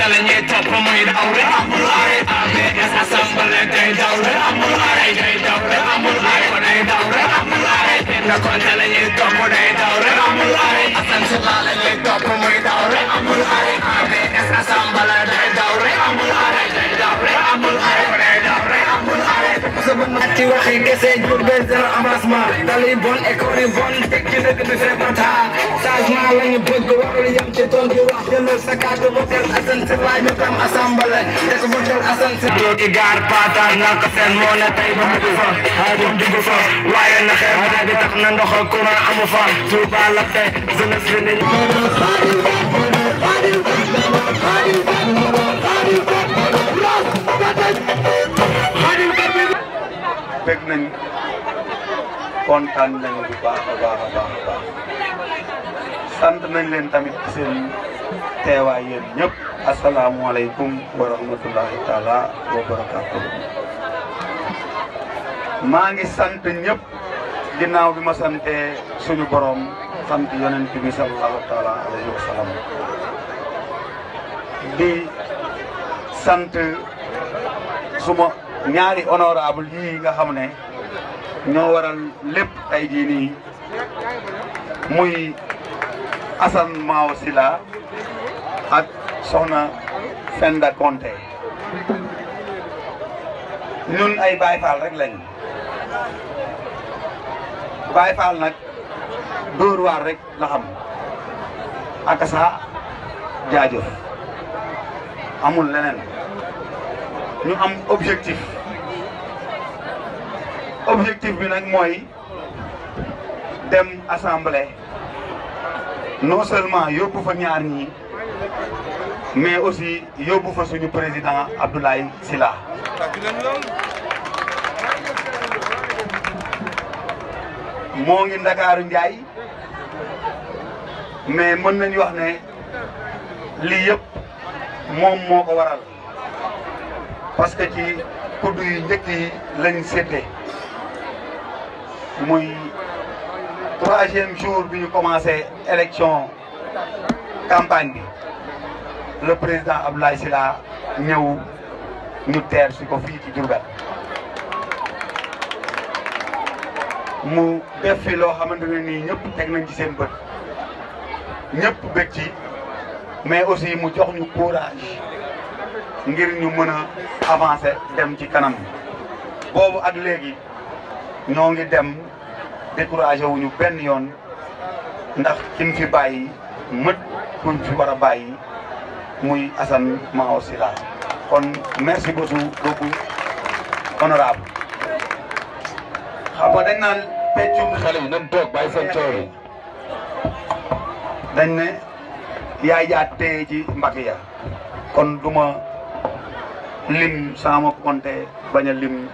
Selling you to put me down, owe it I'm alright, I'm it Yes, I stumble and they do it I'm alright, they do it I'm alright, when they do it I'm alright In the contact, selling your top for they sa bët màcc waxi kese jur be zéro avancement tali bon école yi bon teg ci dëkk bi feebar taa changement la ñu bëgg warul yem ci tool bi wax jëndal sa carte votel Assane si laaj ñu tam assemblée dëkk votel Assane si doo gi gaar paataan naa ko seen moo ne tey ba dugg fa ay bu dugg fa waaye na xeebaay bi tax na ndox ak courant amu fa Touba la te jeunesse bi ni Thank you. fekk nañ kontaan nañ bu baax baax baax baax sant nañ leen tamit ci seen teewaay yéen ñëpp asalaamualeykum wa rahmatullahi taala wa barakaatu maa ngi sant ñëpp ginnaaw bi ma sante suñu borom sant yonent bi sallallahu taala alayhi wa sallam sant suma ñaari honorable yii nga xam ne ñoo waral lépp ay jii nii muy Assane Mao Sylla ak soxna Fenda Konté ñun ay Baay Faal rek lañ Baay Faal nag dóor waar rek la xam ak sa jaajëf amul leneen ñu am objectif objectif bi nak moy dem assemblée non seulement yóbbu fa ñaar ni mais aussi yóbbu fa suñu président Abdoulaye Sila. mo ngi Ndakaaru Njaay mais mën nañ wax né li yépp mom moko waral parce que ci kudd yu njëkk yi lañ sété muy troisième jour bi ñu commencé élection campagne bi le président Abdoulaye Sila ñëw ñu terre si ko fii ci Diourbel mu def fi lo xamante ni ñepp tek nañ ci seen bët ñepp bëgg ci mais aussi mu jox ñu courage ngir ñu mëna avancer dem ci kanam boobu ak léegi ñoo ngi dem découragé wuñu benn yoon ndax kin fi bàyyi mët kuñ fi war a bàyyi muy Assane Maao Sylla kon merci beaucoup honorable xam nga dañ naan peccum xale yi nañ toog bàyyi seen coow yi dañ ne yaay jaa téye ci mbagg ya kon duma lim sama compté bañ a lim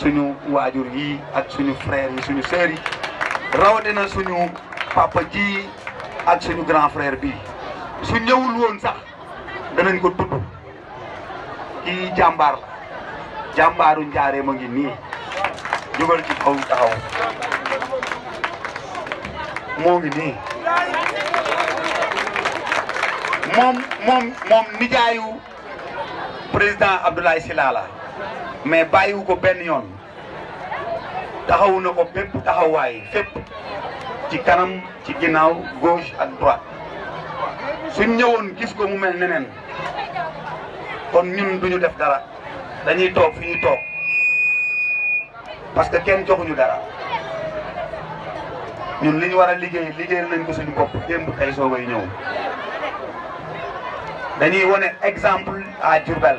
suñu wajur yi ak suñu frère yi suñu sœur yi na suñu papa ji ak suñu grand frère bi su ñewul woon sax danañ ko tudd ki jambar la jàmbaaru njaaree ma ngi ni jogal ci kaw taxaw mo ngi ni mom mom mom nijaayu président Abdoulaye silala mais bàyyiwu ko benn yoon taxawu na ko bépp taxawaay fépp ci kanam ci ginnaaw gauche ak droite suñ ñëwoon gis ko mu mel neneen kon ñun duñu def dara dañuy toog fu ñuy toog parce que kenn joxuñu dara ñun li ñu war a liggéey liggéeyal nañ ko suñu bopp démb tey soogay ñëw dañuy wone exemple à Diourbel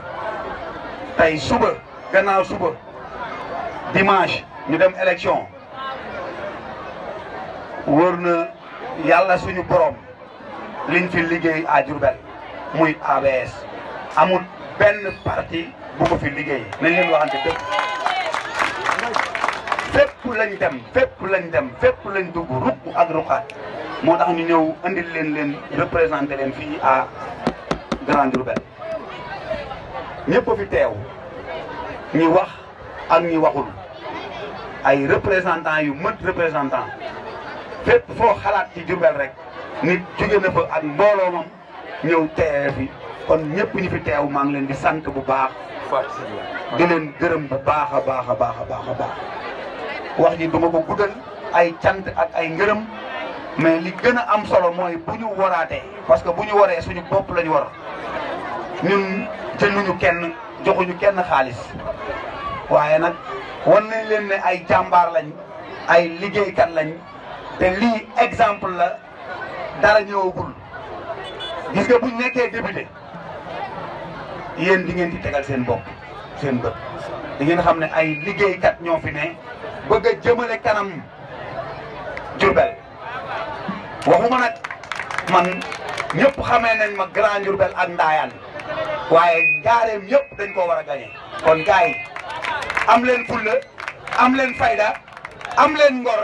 tey suba gannaaw suba dimanche ñu dem élection wóor na yàlla suñu borom liñ fi liggéey à Diourbel muy ABS amul benn parti bu ko liggéey nañ leen waxante dëgg fépp lañ dem fépp lañ dem fépp lañ dugg ruq ak moo tax ñu ñëw indil leen leen représenté leen fii à Grand Diourbel ñëpp fi teew ñi wax ak ñi waxul ay représentant yu mët représentant fépp foo xalaat ci jumbel rek nit jóge na fa ak mbooloo moom ñëw teewe fi kon ñëpp ñu fi teew maa ngi leen di sant bu baax di leen gërëm bu baax a baax a baax a baax a baax wax ji duma ko guddal ay cant ak ay ngërëm mais li gën am solo mooy bu ñu parce que bu ñu suñu bopp lañu war ñun te jëluñu kenn joxuñu kenn xaalis waaye nag wan nañ leen ne ay jàmbaar lañ ay liggéeykat lañ te lii exemple la dara ñëwagul gis nga buñ nekkee député yéen di ngeen di tegal seen bopp seen bët di xam ne ay liggéeykat ñoo fi ne bëgg a jëmale kanam Diourbel waxuma nag man ñëpp xamee nañ ma grand Diourbel ak Ndayane waaye njaareem yëpp dañ koo war a gañe kon gars yi am leen fulla am leen fayda am leen ngor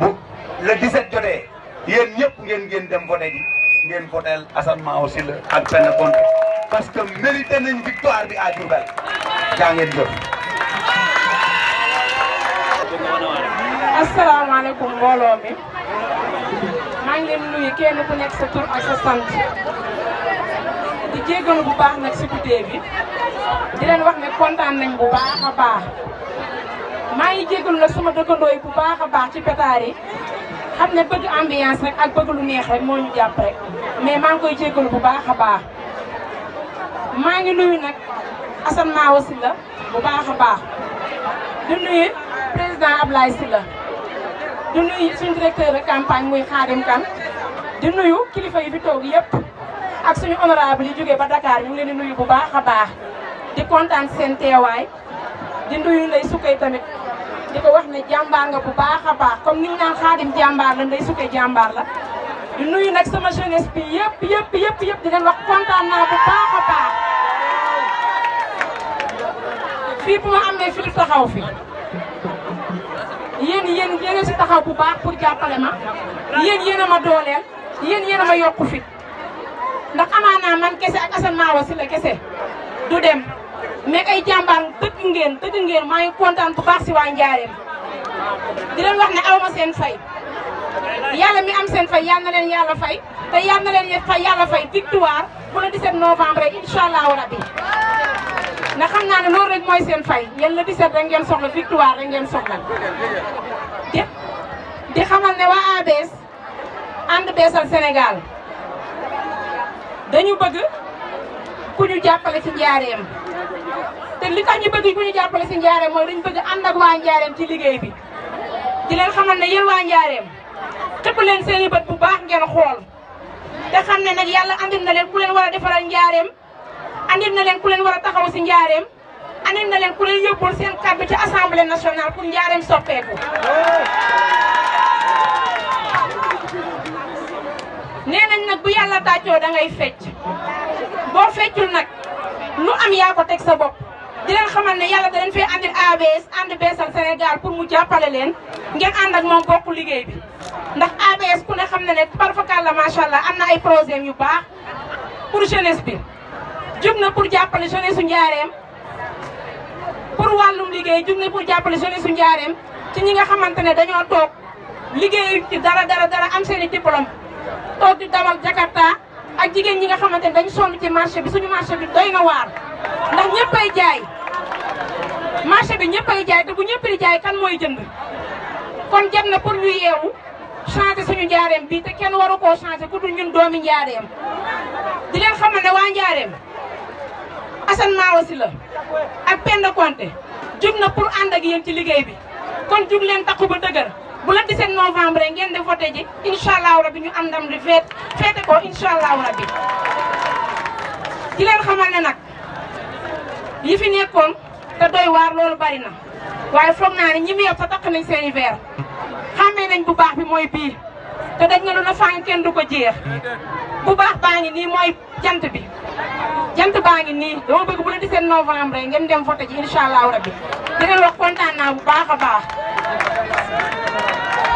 bu le 17 jotee yéen ñëpp ngeen ngeen dem voté ji ngeen voteel Assane aussi Sylla ak Penda parce que mérité nañ victoire bi à Diourbel jaa ngeen jëf. asalaamaaleykum mbooloo mi maa ngi leen nuyu kenn nekk sa tur ak jégalu bu baax nag si guddee bi di leen wax ne kontaan nañ bu baax a baax maa ngi jégalu nag sama dëkkandoo yi bu baax a baax ci pétard yi xam ne bëgg ambiance rek ak bëgg lu neex rek moo ñu jàpp rek mais maa ngi koy jégalu bu baax a baax maa ngi nuyu nag Assane Mawo Sylla bu baax a baax di nuyu président si la di nuyu suñu directeur de campagne muy Khadim Kane di nuyu kilifa yi di toog yëpp. ak suñu honorable yi jógee ba Dakar ñu ngi leen di nuyu bu baaxa baax di contane sen téway di nuyu lay Soukeye tamit diko wax né jambar nga bu baaxa baax comme ni ñu xadim jambar la lay Soukeye jambar la. di nuyu nak sama jeunesse bi yépp yépp yépp yépp di leen wax contane na bu baaxa baax fi bu amé fi taxaw fi yeen yeen yeen ci taxaw bu baax pour jappalé ma yeen yeen ma dooleel yeen yeen ma yokku fi ndax amaanaa man kese ak Assane Mawa si la kese du dem mais ay jàmbaar dëgg ngeen dëgg ngeen maa ngi kontaan bu baax si waa Njaareem di leen wax ne awma seen fay yàlla mi am seen fay yal leen yàlla fay te yal na leen fay fay victoire bu le 17 novembre rek incha allahu rabi ndax xam naa ne loolu rek mooy seen fay yéen le 17 rek ngeen soxla victoire rek ngeen soxla di xamal ne waa ABS ànd beesal Sénégal dañu bëgg ku ñu jàppale ci njaareem te li tax ñu bëgg ku ñu jàppale ci njaareem mooy dañu bëgg ànd ak njaareem ci liggéey bi di leen xamal ne yéen waa njaareem tëpp leen seen i bët bu baax ngeen xool te xam ne nag yàlla andil na leen ku leen war a defaral njaareem andil na leen ku a njaareem andil na leen ku leen yóbbul seen kàddu ci assemblée nationale pour njaareem soppeeku. nee nañ nag bu yàlla tàccoo da ngay fecc boo feccul nag lu am yaa ko teg sa bopp di leen xamal ne yàlla da leen fee andil ABS ànd beesal Sénégal pour mu jàppale leen ngeen ànd ak moom bokk liggéey bi ndax ABS ku ne xam ne ne parfakal la macha allah am na ay projet yu baax pour jeunesse bi jug na pour jàppale jeunesse su njaareem pour wàllum liggéey jug na pour jàppale jeunesse u njaareem ci ñi nga xamante ne dañoo toog liggéey ci dara dara dara am toog di dawal Jakarta ak jigéen ñi nga xamante ne dañu ci marché bi suñu marché bi doy na waar ndax ñëppay jaay marché bi ñëppay jaay te bu ñëpp jaay kan mooy jënd kon jot na pour ñu yeewu changé suñu njaareem bii te kenn waru koo changé ku dul ñun doomi njaareem di leen xamal ne waa njaareem Assane Mawo Sylla ak Penda Konté na pour ànd ak yéen ci liggéey bi kon jug takku ba dëgër bu la 17 novembre ngeen de voté ji incha allahu rabi ñu am ndam di feet feete ko incha allahu rabi di leen xamal ne nag yi fi nekkoon te doy waar loolu bari na waaye foog naa ne ñi mu yëpp sa takk nañ seen i xàmmee nañ bu baax bi mooy bii te dañ na lu la fang kenn du ko jeex bu baax baangi ni moy jant bi jant baangi ni do bëgg bu la 17 novembre ngeen dem voté ji inshallah rabbi di len wax kontaan na bu baaxa baax.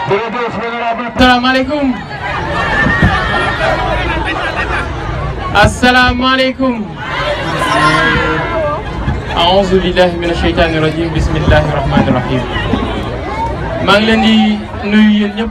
jërëjëf honorable. asalaamaaleykum. asalaamaaleykum. أعوذ بالله Assalamualaikum. Assalamualaikum. الرجيم بسم الله الرحمن الرحيم di nuyu yeen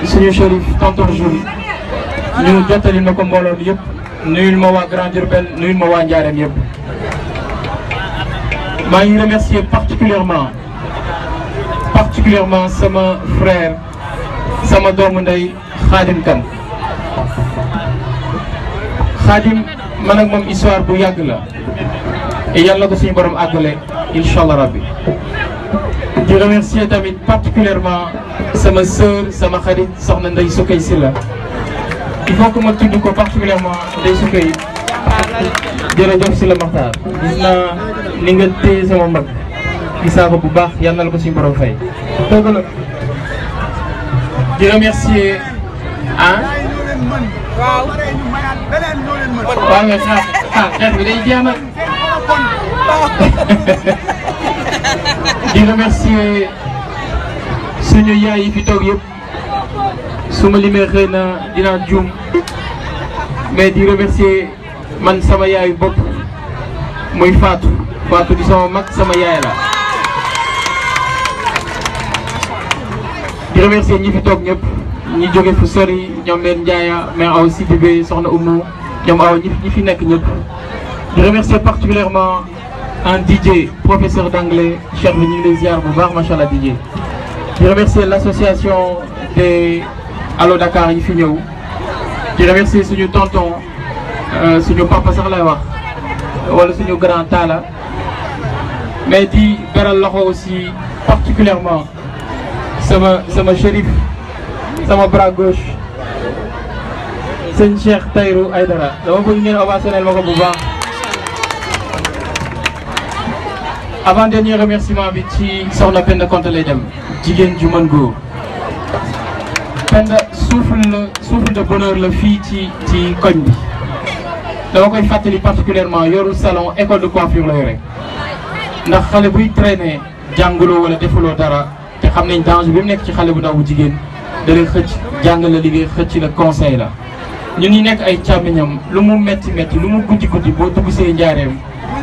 Monsieur chérif nous jour, ñu nous nous ko mbooloo nous nous ma les Grand nous ma Je remercier particulièrement particulièrement sama frère sama doomu Khadim Kane Khadim je ak histoire bu et ko borom rabbi particulièrement sama sœur sama xarit soxna Ndeye Soukeye sila. il faut que ma tudd ko particulièrement Ndeye Soukeye Jere Sylla sila gis naa ni nga téye sama mbag gisaa ko bu baax yal na ko suñu borom fay toogal la di remercier ah waaw suñu yaay yi fi toog yëpp su ma mais di remercier man sama yaayu bob. muy Fatou Fatou di sama mag sama yaay la di remercier ñi fi toog ñëpp ñi jóge fu sori mais aussi bébé son Oumou ñoom aw ñi fi nekk ñëpp di remercier particulièrement un DJ professeur d'anglais cher bi ñu ngi ziar bu baax DJ je remercie l'association des Allo Dakar Je remercie remercie ce tonton le euh, papa Sarlawa, lay wax grand Tata. mais je beral loxo aussi particulièrement sama sama shérif sama bras gauche c'est Cheikh Tayrou Aïdara. dama vous ngeen ovationnel ma ko bu baax avant dernier remerciement sans la peine de compter les dem Jigen ju mën Penda souffle le souffle de bonheur la fi ci ci koñ bi dama koy fàttali particulièrement yorul salon école de coiffure la yore ndax xalé buy traîner jangulo wala defuloo dara te xam nañ danger bi mu nekk ci xalé bu ndaw bu jigen da lay xëc jàng la liggéey xëcc la conseil la ñun ñi nek ay chamignam lu mu metti metti lu mu guddi guddi boo dugg see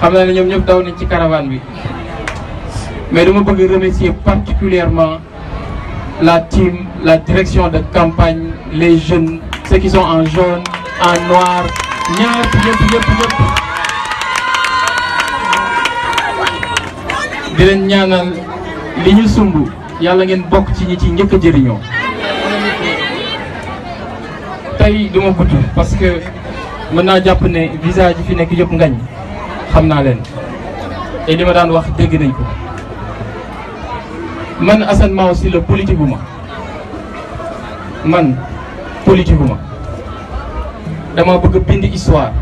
xam naa ne ñoom daw nañ ci caravane bi mais dama bëgg remercier particulièrement la team la direction de campagne les jeunes ceux qui sont en jaune en noir ñëpp ñëpp ñëpp ñëpp di leen ñaanal li ñu sumbu yàlla ngeen bokk ci ñi ci njëkk a jëriñoo tey duma gudd parce que mën naa jàpp ne visa fi nekk yëpp ngañ xam naa leen te li ma daan wax dégg nañ ko man Assane Maou Sylla politique ma man politique ma dama bëgg a bind histoire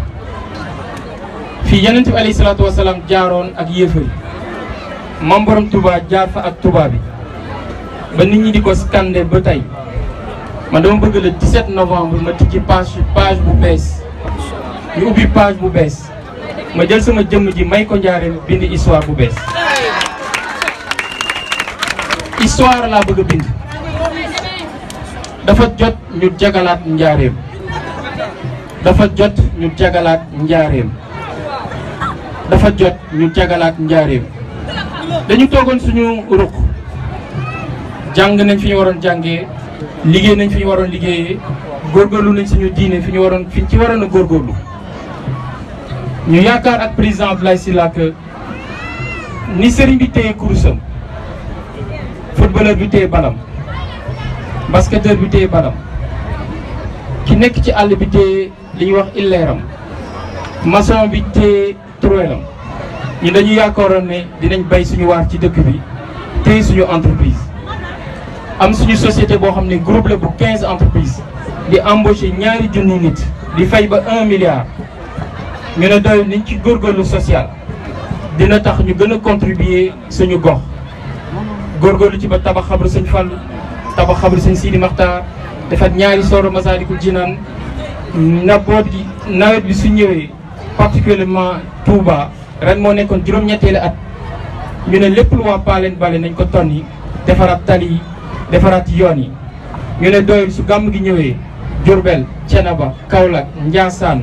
fii yeneen bi alayhi salaatu wasalaam jaaroon ak yéefar yi mam borom Touba jaar fa ak Touba bi ba nit ñi di ko scandé ba tey man dama bëgg le 17 novembre ma tijji page page bu bees ñu ubbi page bu bees ma jël sama jëm ji may ko njaareem bind histoire bu bees histoire la bëgg a bind dafa jot ñu jagalaat ndiaré dafa jot ñu jagalaat ndiaré dafa jot ñu jagalaat ndiaré dañu togon suñu ruq jang nañ fi waron jangé liggé nañ fi waron waroon gorgolu nañ suñu diiné fi ñu waroon fi ci waroon gorgolu ñu yaakaar ak président Abdoulaye Sylla que ni sëriñ bi téye kurusam footballeur bi téye balam basketteur bi téye balam ki nekk ci àll bi téye li ñuy wax illeeram maçon bi téye ñu dañuy yaakaaroon ne dinañ bay suñu ci dëkk bi entreprise am suñu société groupe la 15 entreprises. di embaucher ñaari di fay ba 1 milliard ñu ne doy liñ ci góorgóorlu social dina tax ñu gën a contribuer suñu gox góor góorgóorlu ci ba tabax xabru sëñ Fallou tabax xabru sëñ Sidi Maxtaar defat ñaari sooro Masaalikul Jinaan naboot gi nawet bi su ñëwee particulièrement Touba ren moo nekkoon juróom-ñetteelu at ñu ne lépp lu waa Paleen bale nañ ko ton yi defaraat tali yi defaraat yoon yi ñu ne doyul su gàmm gi ñëwee Diourbel Thiénaba Kaolack Ndiassane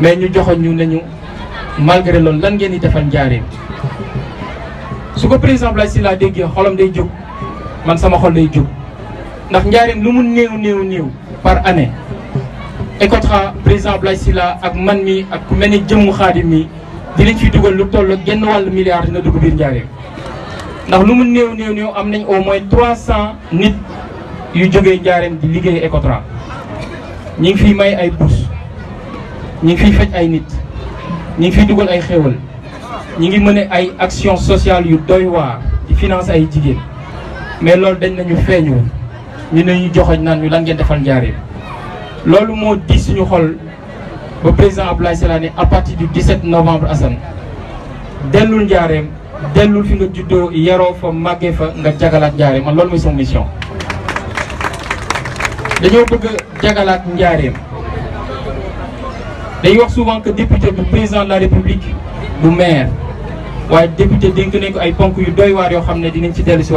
mais ñu joxoon ñu nañu malgré lool lan ngeen di defal njaareem su ko par exemple ay sila déggé xolam day juk man sama xol day juk ndax njaareem lu mu neew neew neew par année et contre par exemple ay sila ak man mi ak ku melni jëm xadim mi di dinañ ci duggal lu toll ak genn wàllu milliard dina dugg bir njaareem ndax lu mu neew neew neew am nañ au moins 300 nit yu joggé njaareem di liggéey ECOTRA ñi ngi fiy may ay bourse ñi ngi fiy fecc ay nit ñi ngi fiy duggal ay xéwal ñi ngi mëne ay action sociale yu doy waar di finance ay jigéen mais loolu dañ nañu feeñu ñu ne ñu joxoñ naan ñu lan ngeen defal njaareem loolu moo di suñu xol ba président Abdoulaye Sylla ne à partir du 17 novembre Assane dellul njaareem dellul fi nga juddoo yaroo fa màggee fa nga jagalaat njaareem man loolu mooy son mission dañoo bëgg jagalaat njaareem y wax souvent que député du président de la république du maire le député de ay ponk doy war yo été députés ci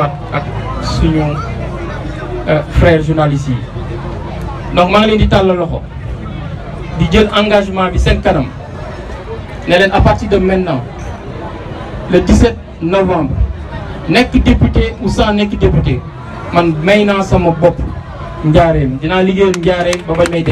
euh, journalistes donc je vous di engagement à partir de maintenant le 17 novembre nekk député ou sans député man je sama en train de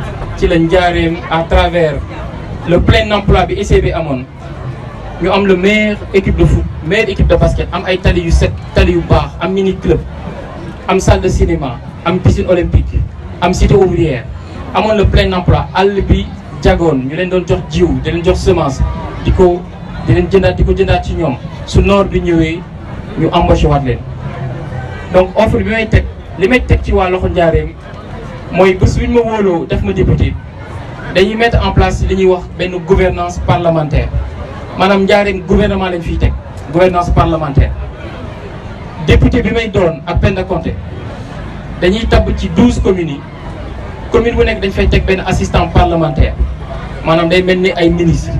ci à travers le plein emploi de bi le meilleur équipe de foot meilleure équipe de basket am ay set mini club salle de cinéma am piscine olympique am cité ouvrière avons le plein emploi albi Diagon, nous ñu le doon jox jiw di semence Diko, di le jëndaat di ko jëndaat ci donc offre bi may le li may ci moi je bu ñu ma wóoloo def ma député dañuy mettre en place li wax gouvernance parlementaire Madame njaareem gouvernement lañ gouvernance parlementaire député bi may à peine de compter. dañuy tabb ci douze communes commune où nekk dañ fay assistant parlementaire Madame day mel ni ay ministre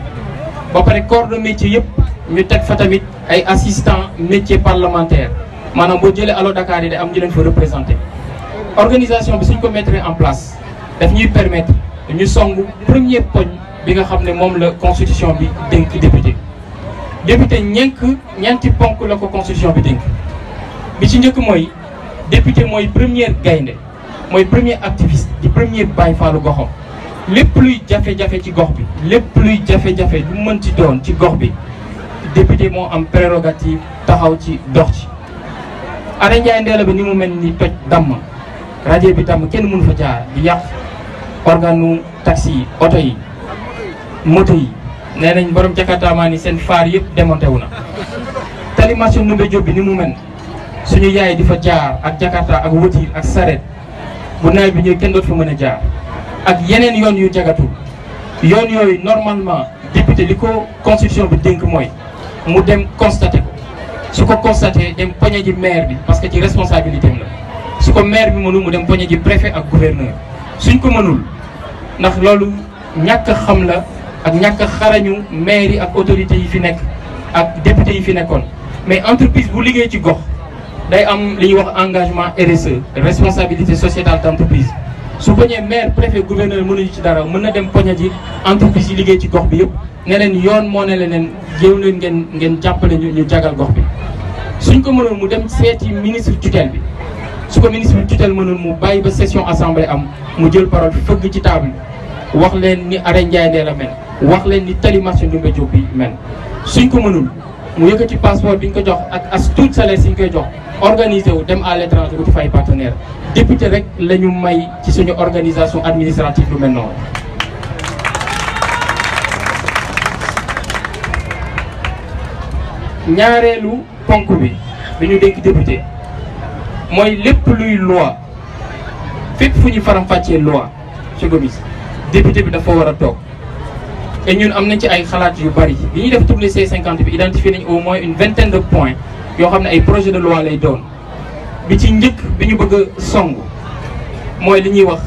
ba pare corps de métier yëpp ñu teg fa tamit ay assistant métier parlementaire Madame boo jëlee allo Dakar yi day am fa organisation bi suñ mettre en place daf ñuy permettre ñu le premier bi nga la constitution bi député député la constitution bi bi ci député premier gaynde premier activiste di premier faalu lepp luy ci bi luy ci doon ci bi député am prérogative taxaw ci dox ci bi ni rajo bi tam kenn mënu fa jaar di yàq organu taxi yi oto yi moto yi nee nañ borom jakartaamaa ni seen faar yépp démonté wu na tali marché Ndoumbé Diop bi ni mu mel suñu yaay di fa jaar ak jakarta ak wëtiir ak saret bu nawet bi ñëw kenn doot fa mën a jaar ak yeneen yoon yu jagatu yoon yooyu normalement député li ko constitution bi dénk mooy mu dem constaté ko su ko constaté dem poñe ji maire bi parce que ci responsabilité am la su ko maire bi mënul mu dem poñe ji préfet ak gouverneur suñ ko mënul ndax loolu ñàkk xam la ak ñàkk xarañu maire yi ak autorités yi fi nekk ak député yi fi nekkoon mais entreprise bu liggéey ci gox day am li ñuy wax engagement RSE responsabilité sociétale d' entreprise su poñee maire préfet gouverneur mënuñu ci dara mën na dem poñe ji entreprise yi liggéey ci gox bi yëpp ne leen yoon moo ne leen jéew ngeen ngeen jàppale ñu ñu jagal gox bi suñ ko mënul mu dem seeti ministre tutelle bi su ko ministre bi tutelle mënul mu bàyyi ba session assemblée am mu jël parole fëgg ci table wax len ni Arend ndjay Ndella la mel wax len ni Tali marché Ndoumbé Diop bi mel suñ ko mënul mu yëkkati passeport biñ ko jox ak as tuut salaire si koy jox organiser wu dem à l'étranger wuti fay partenaire député rek lañu may ci suñu organisation administrative lu mel non ñaarelu ponku bi biñu dégg député moy lepp luy loi fépp fuñu faram-fàccee loi ci Gomis député bi dafa wara tok et ñun amna ci ay xalaat yu bari bi ñuy def C50 bi identifier nañ au moins une vingtaine de points yo xamné ay projet de loi lay doon bi ci njëkk biñu bëgg a song mooy li ñuy wax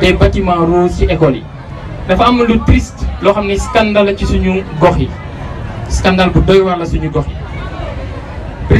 des bâtiments rouges ci école yi dafa am lu triste lo xamné scandale qui ci suñu gox yi scandale bu doy waar la suñu gox yi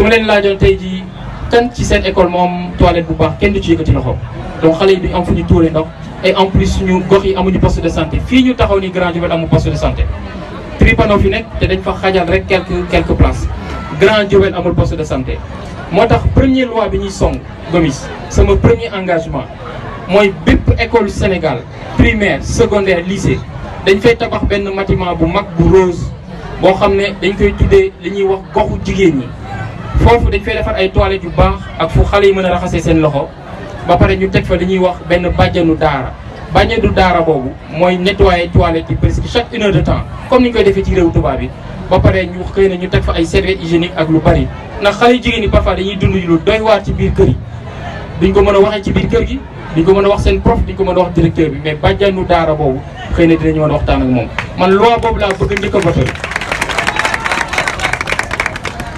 su l'a leen laajoon tey jii kan ci seen école moom toilette bu baax kenn du ci yëkkati loxo donc xale yi duñ am fu ñu tuure ndox et en plus suñu gox yi amuñu poste de santé fii ñu taxaw ni Grand Diourbel amu poste de santé tripano fi nekk te dañ fa xajal rek quelques quelques places Grand Diourbel amul poste de santé moo tax loi bi ñuy song Gomis sama premier engagement mooy bépp école Sénégal primaire secondaire lycée dañ fay tabax benn bâtiment bu mag bu rose boo xam ne dañ koy tuddee li ñuy wax goxu jigéen ñi foofu dañ fay defar ay toilettes yu baax ak fu xale yi mën a loxo ba pare ñu teg fa li wax benn bàjjanu daara du daara nettoyer toilettes presque chaque une heure de temps comme ni koy defee ci réew tubaab bi ba pare ñu ñu fa ay serviettes hygiéniques ak lu bari ndax parfois dañuy dund lu doy waar ci biir kër yi duñ ko ci biir kër gi prof ko directeur mais bàjjanu daara boobu xëy na dinañu mën waxtaan ak man loi boobu laa bëgg njëkk a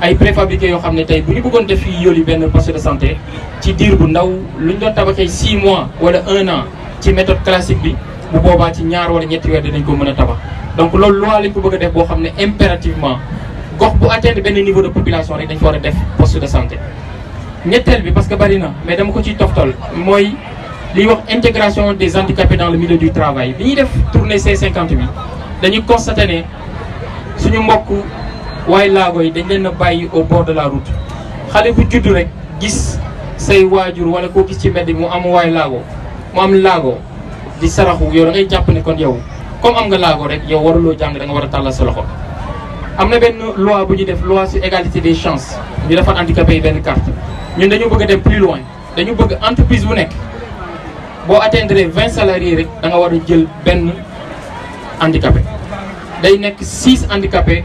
ay préfabriqué yo xamné tay tey bu ñu bëggoon def fii Yoli ben poste de santé ci dir bu ndaw lu ñu doon tabaxé 6 mois wala 1 an ci méthode classique bi bu boba ci ñaar wala ñetti wër dinañ ko mëna tabax. donc lool loi lañ ko bëgg def bo xamné impérativement gox bu atteindre ben niveau de population rek dañ ko wara def poste de santé. ñettel bi parce que bari na mais dama ko ci toftal moy li wax intégration des handicapés dans le milieu du travail bi ñi def tourner C50 bi dañu constater né suñu mbokk dañ au bord de la route xale bu juddu rek gis say wajur wala ko gis ci meddi mu am way am di ngay ne kon yow comme am nga lago rek yow jang da nga a sa loxo. amna ben loi bu def loi sur égalité des chances ñu la handicapé ben carte ñun dañu bëgg plus loin dañu bëgg entreprise bu nekk bo atteindre salariés rek da nga wara jël handicapé six handicapés.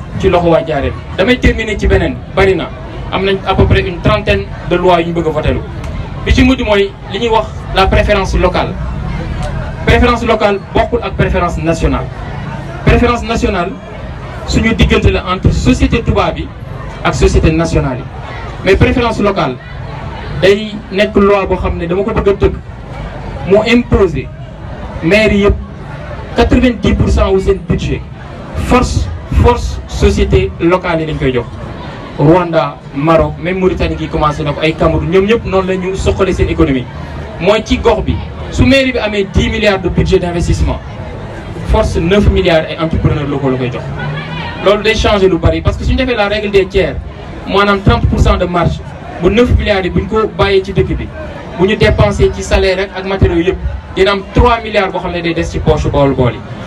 ci loxo wa jaaré damay terminer ci à peu près une trentaine de lois yu ñu bëgg votélu voté bi ci mujj moy li ñuy wax la préférence locale préférence locale bokkul ak préférence nationale. préférence nationale suñu digënté la entre société touba bi ak société nationale mais préférence locale day nekk loi qui xamné imposée. dama ko bëgg a tëgg 90 de budget force force société locale Rwanda Maroc même Mauritanie qui commencé à ko ay Cameroun ñom ñep non lañu ñu soqale seen économie moy ci gox bi su mairie bi 10 milliards de budget d'investissement. force 9 milliards d'entrepreneurs entrepreneur locaux la koy jox Nous day changé lu bari parce que si suñu défé la règle des tiers avons 30 de marge bu 9 milliards de bu Nous ko bayé ci dëkk bi buñu dépenser ci salaire rek ak matériaux 3 milliards pour xamné day des ci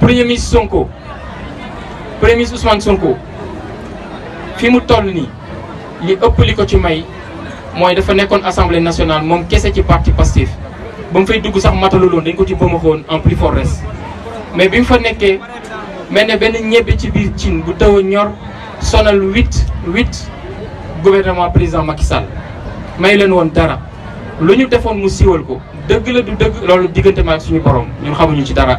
premier ministre Sonko premier ministre Ousmane Sonko fi mu toll nii li ëpp li ko ci may mooy dafa nekkoon assemblée nationale moom kese ci parti Pastef ba mu fay dugg sax matalu loon dañ ko ci bëmaxoon en plus fort res mais bi mu fa nekkee mel ne benn ñebbe ci biir cin bu taw a ñor sonal huit huit gouvernement président Macky Sall may leen woon dara lu ñu defoon mu siiwal ko dëgg la du dëgg loolu diggante ma suñu borom ñun xamuñu ci dara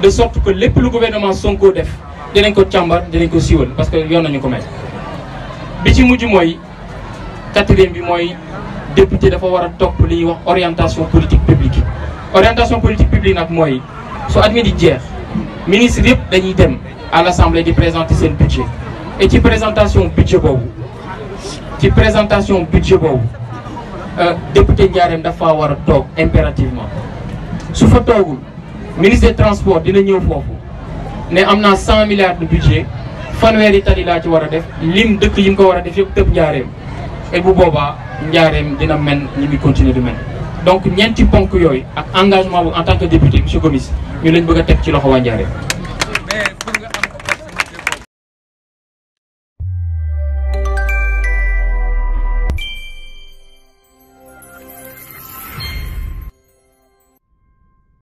de sorte que plus le gouvernement Sonko def dinañ ko càmbar dinañ ko siiwal parce que yoon nañu ko may bi ci mujj mooy quatrième bi moy député dafa wara top li wax orientation politique publique orientation politique publique nak moy so admis di ministre yëpp dañuy dem à l'assemblée di présenter sen budget et ci présentation budget bobu ci présentation budget euh député Ndiarème dafa wara top impérativement su fa photo ministre des transports dina ñëw foofu ne am naa milliards de budget fanweeri tali laa ci war a def lim de yi mu ko war a def yëpp tëb et bu boobaa njaareem dina mel ni muy continuer di mel. donc ñeenti ponk yooyu ak engagement en tant que député monsieur Gomis ñu leen bëgg a teg ci loxo waa